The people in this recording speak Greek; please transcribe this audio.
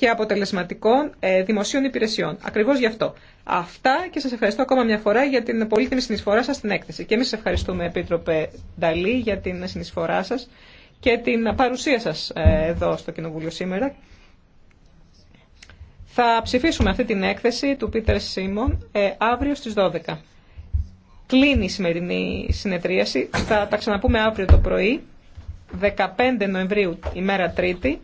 και αποτελεσματικών ε, δημοσίων υπηρεσιών. Ακριβώς γι' αυτό. Αυτά και σας ευχαριστώ ακόμα μια φορά για την πολύτιμη συνεισφορά σας στην έκθεση. Και εμείς σας ευχαριστούμε, Επίτροπε Νταλή, για την συνεισφορά σας και την παρουσία σας ε, εδώ στο Κοινοβούλιο σήμερα. Θα ψηφίσουμε αυτή την έκθεση του Πίτερ Σίμων ε, αύριο στις 12. Κλείνει η σημερινή συνεδρίαση. Θα τα ξαναπούμε αύριο το πρωί, 15 Νοεμβρίου, ημέρα Τρίτη.